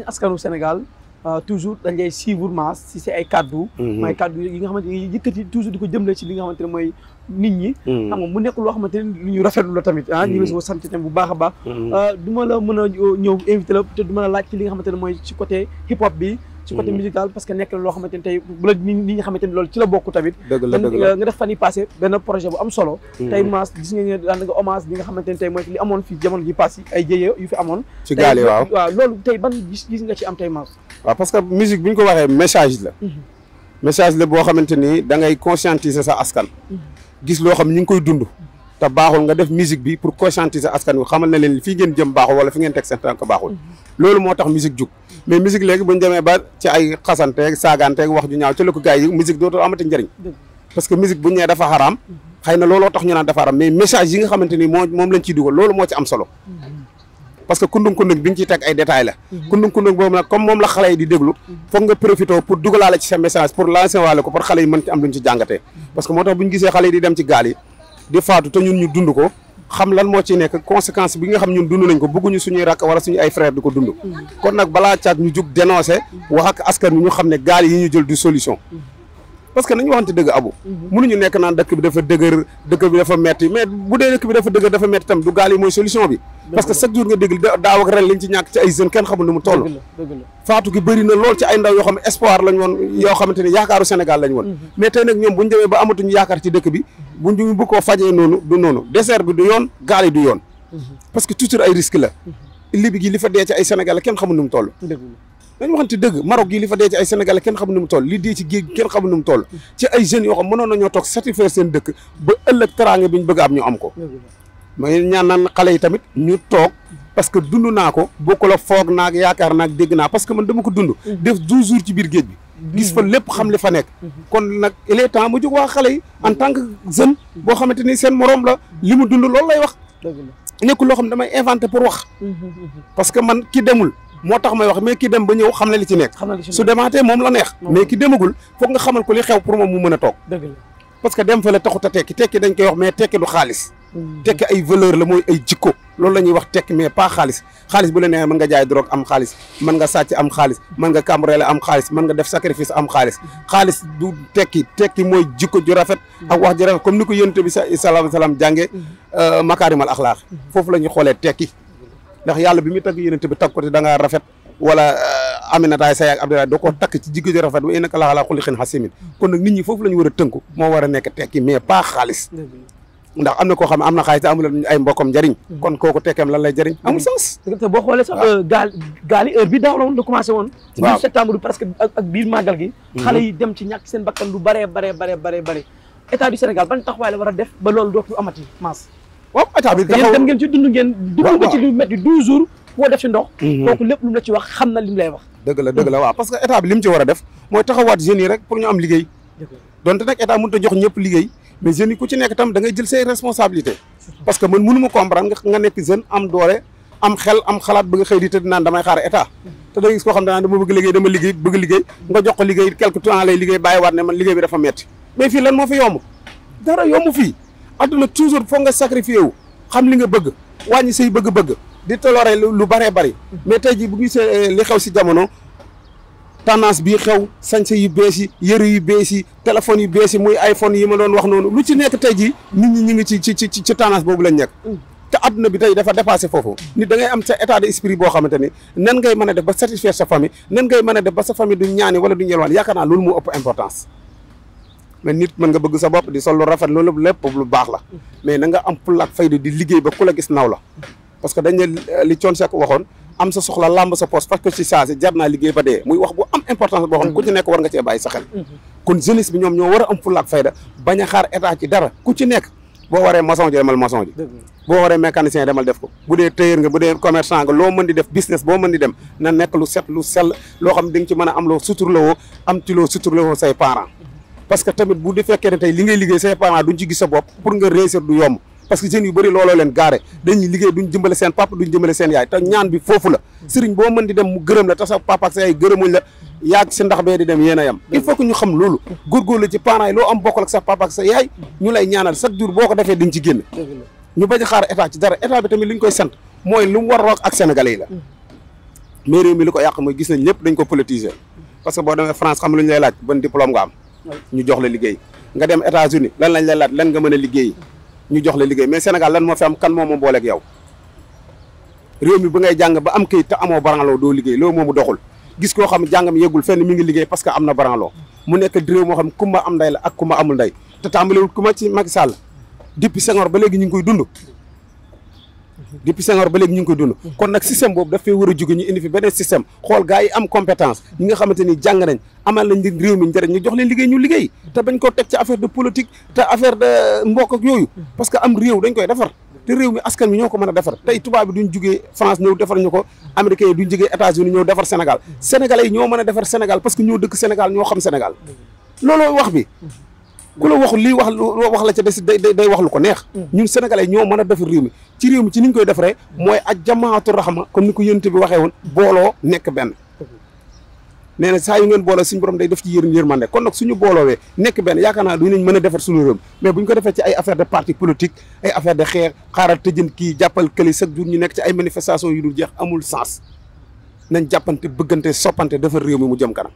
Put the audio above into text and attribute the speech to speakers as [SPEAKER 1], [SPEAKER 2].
[SPEAKER 1] nañ askanu Sénégal euh, toujours dañ lay suivre maas si si ay kaddu. Mhm. mooy kaddu yi nga xamante ni yëkkati toujours di ko jëmle ci li nga xamante ne mooy nit ñi. Mhm. xam mu nekk loo xamante ne lu ñu rafetlu la tamit ah. mhm. ñu ngi la sant tamit bu baax a baax. Euh, du ma la mën a ñëw invité la te du ma la laaj ci li nga xamante ne mooy ci côté hip hop bi. ci côté mm. musical parce que nekk na loo xamante ni tey bu la nit ñi xamante ni loolu ci la bokk tamit
[SPEAKER 2] euh, nga
[SPEAKER 1] def fan yi passé benn projet bu am solo mm. tey maas gis nga daan nga hommage bi nga xamante ni tey mooy li amoon fii jamono ji passé ay jéye yu fi amoon ci gaal waaw waaw loolu tey ban gis nga ci am tey maas
[SPEAKER 2] waaw parce que musique bu ñu ko waxee message la mm-hmm. message la boo xamante ni da ngay conscientiser sa askan
[SPEAKER 1] mm-hmm.
[SPEAKER 2] gis loo xam ñu ngi koy dund te baaxul nga def musique bi pour conscientiser askan wi xamal na leen fii ngeen jëm baaxul wala fi ngeen teg seen tànk baaxul mm-hmm. loolu moo tax musique jug mais musique léegi buñu demee ba ci ay xasanteeg saagaanteeg wax ju ñaaw ci la ko gars yi musique mm-hmm. na looloo tax ñu naan dafa nga xamante ni moo moom lañ ciy dugal loolu moo ci am solo mm-hmm. parce que kundung kundung bi nga ciy teg ay détails la kundung kundung boobu nag comme moom ci sa parce que moo tax buñu gisee xale yi di dem ci gaal yi di faatu te ñun ñu dund ko xam lan moo ci nekk conséquence bi nga xam ñun dund nañ ko bëgguñu suñuy rakk wala suñu ay frère di ko dund kon nag balaa caag ñu jug dénoncé wax ak askan wi ñu xam ne gaal yi ñu jël du solution parce que nañu waxante dëgg abu mënuñu nekk naan dëkk bi dafa dëgër dëkk bi dafa metti mais bu dee dëkk bi dafa dëgër dafa metti tam du gaal yi mooy solution bi parce que chaque jour nga dégg daaw ren liñ ci ñàkk ci ay jeunes kenn xamul nu mu toll faatu gi bëri lool ne espoir lañ woon yoo xamante ne mm-hmm. ñoom buñu demee ba amatuñu yaakaar ci dëkk bi bu ñu bu koo fajee noonu du noonu désert bi du yoon gaal yi du yoon. Mhm. parce que toujours ay risque la. Mhm. Libi li fa dee ay Sénégal kenn xamul nu mu toll. dëgg la dañu waxante dëgg Maroc gi li fa dee ci ay Sénégal kenn xamul nu mu toll li dee ci géej kenn xamul nu mu toll. Mhm. ci ay jeunes yoo xam mënoon nañoo toog satisfaire seen dëkk ba ëllëg teraanga bi ñu bëgg am ñu am ko. mais ñaan naan xale yi tamit ñu toog. parce que dund naa ko bokkul ak foog naag yaakaar naag dégg naa parce que man dama ko dund mhm. def douze jours ci biir géej bi gis fa mhm. lépp xam li fa nekk mhm. kon nag il est temps xale en tant que jeune boo xamante ni seen morom la li mu dund loolu lay wax nekkul loo xam ne damay inventé pour wax parce que man ki demul moo tax may wax mais ki dem ba xam na li ci nekk su demaatee moom la neex mais ki demagul foog nga xamal ko li xew pour moom mu mën a toog parce que dem fa taxut a tekki tekki dañ koy wax mais tekki du xaalis tekki ay valeur la mooy ay jikko loolu la ñuy wax tekki mais pas xaalis xaalis bu la neexee nga jaay drogue am xaalis mën nga sàcc am xaalis mën nga cambrioler am xaalis man nga def sacrifice am xaalis xaalis du tekki tekki mooy jikko ju rafet ak wax ju rafet comme ni ko yonent bi salaam salaam jànge euh, makaarimal axlaaq foofu la ñuy xoolee tekki ndax yàlla bi muy tagg yonent bi tagg ko te da ngaa rafet wala euh, aminataay say ak abdoulaye da koo takk ci jikko ju rafet wa innaka la'alaa xuluqin xasimin kon nag ñi foofu la ñu war a tënku moo war a nekk tekki mais pas xaalis ndax am na koo xam ne am na xaalis te amul ay mbokkam njëriñ mm-hmm. kon kooku tekkeem lan lay jëriñ amul sens te boo xoolee sax euh, gaal heure bi daaw la woon la commencé
[SPEAKER 1] woon biir septembre bi presque ak biir màggal gi mm-hmm. ñàkk seen bakkan lu baree baree baree baree bare état du Sénégal ban tax la war a def ba loolu dootu amati maas waaw état bi taxaw geen ngeen ci dund ngeen dund nga ci lu def ci ndox mm-hmm. kooku lépp lu mu la ci wax xam na li mu lay wax
[SPEAKER 2] dëgg la dëgg la waa parce que état bi li mu a def mooy taxawaat jeunes yi rek pour ñu liggéey donte nag état mënut a jox ñëpp liggéey mais jeunes yi ku ci nekk tam da ngay jël say responsabilité parce que man mënu ma comprendre nga nekk jeune am doole am xel am xalaat bëgg xëy di tëdd naan damay xaar état te da nga gis koo xam ne dama bëgg liggéey dama liggéey bëgg liggéey nga jox ko liggéey quelque temps lay liggéey bàyyiwaat ne man liggéey bi dafa metti mais fii lan moo fi yomb dara yomb fii àdduna toujours foog nga sacrifié wu xam li nga bëgg wàññi say bëgg-bëgg di toloree lu baree bari mais tey jii bu ñu see eh, li si jamono tendance bii xew sañse yu bees yi yëre yu bees yi téléphones yu bees yi muy iPhone yi ma doon wax noonu lu ci nekk tey jii nit ñi ñu ngi ci ci ci ci tendance boobu la nekk. Mm. te adduna bi tey dafa dépassé foofu nit da am sa état d'esprit boo xamante ni nan ngay mën a def ba satisfaire sa famille nen ngay mën a def ba sa famille du ñaani wala du ñelwaan yaakaar naa loolu moo ëpp importance. mais nit mën nga bëgg sa bopp di sol lu rafet loolu lépp lu baax la mm. mais na nga am fulla ak fayda di ba ku la gis naw la parce que dañ ne li Thione Seck waxoon am sa soxla làmb sa poos parce que ci saa si jar naa liggéey ba dee muy wax bu am importance boo xam ku ci nekk war nga cee bàyyi sa xel mhm. kon jeunesse bi ñoom ñoo war a am fulla ak fayda bañ a xaar état ci dara ku ci nekk boo waree maçon ji demal maçon ji boo waree di dem na nekk lu set lu sell loo xam di ci mën a am loo suturlawoo am ci loo suturlawoo say parents mhm. parce que tamit bu di fekkee ne tey li ngay liggéey say parents duñ ci sa bopp pour nga réussir parce que jeunes yu bëri looloo leen gaare dañuy liggéey duñ jëmbale seen papa duñ jëmbale seen yaay te ñaan bi foofu la sëriñ boo mën di dem mu gërëm la te sa papa ak sa yaay a ñu ci parents yi loo am bokkal ak sa lay ñaanal chaque jour boo ko defee diñ ci génn ñu bañ a xaar état dara état bi tamit li ñu koy sant mooy lu war roog ak sénégalais yi la mais mi li ko yàq mooy gis nañ ñëpp dañ ko politiser parce que boo demee France xam lu ñu lay laaj ban diplôme nga am ñu jox la lañ lay laaj lan nga mën a liggéey ñu jox la liggéey mais Sénégal lan moo fi am kan moo ma booleeg yow réew mi ba ngay jàng ba am kayit te amoo branlo doo liggéey loolu moomu doxul gis koo xam jàngam yeggul fenn mi ngi liggéey parce que am na branlo mu nekk réew moo xam kumba am nday la ak kumba amul nday te tàmbalewul kuma ci Macky Sall depuis Senghor ba léegi ñu ngi koy dund depuis Senghor ba léegi ñu ngi koy dund kon nag système boobu daf fee war a jóge ñu indi fi beneen système xool gars yi am compétence ñi nga xamante jàng nañ amal nañ di réew mi njëriñ ñu jox leen liggéey ñu liggéey te bañ ko teg ci affaire de politique te affaire de mbokk yooyu parce que am réew dañ koy defar te réew mi askan wi ñoo ko mën a defar tey tubaab bi duñ jugee France ñëw defar ñu ko américains yi duñ jugee États-Unis ñëw defar ñoo mën a defar Sénégal parce que ñoo dëkk Sénégal ñoo xam Sénégal ku la waxul lii wax la ca des day wax lu ko neex ñun sénégalais ñoo mën a defar réew mi ci réew mi ci ni ñu koy defaree mooy ak jamaatu raxma kon ni ko yénte bi waxee woon booloo nekk benn nee na saa yu ngeen booloo suñu borom day def ci yër yërmande kon nag suñu booloowee nekk benn yaakaar naa du nañ mën a defar suñu réew mais bu ñu ko defee ci ay affaire de parti politique ay affaire de xeex xaaral tëjën kii jàppal këli chaque jour ñu nekk ci ay manifestation yu dul jeex amul sens nañ jàppante bëggante soppante defar réew mi mu jëm kanam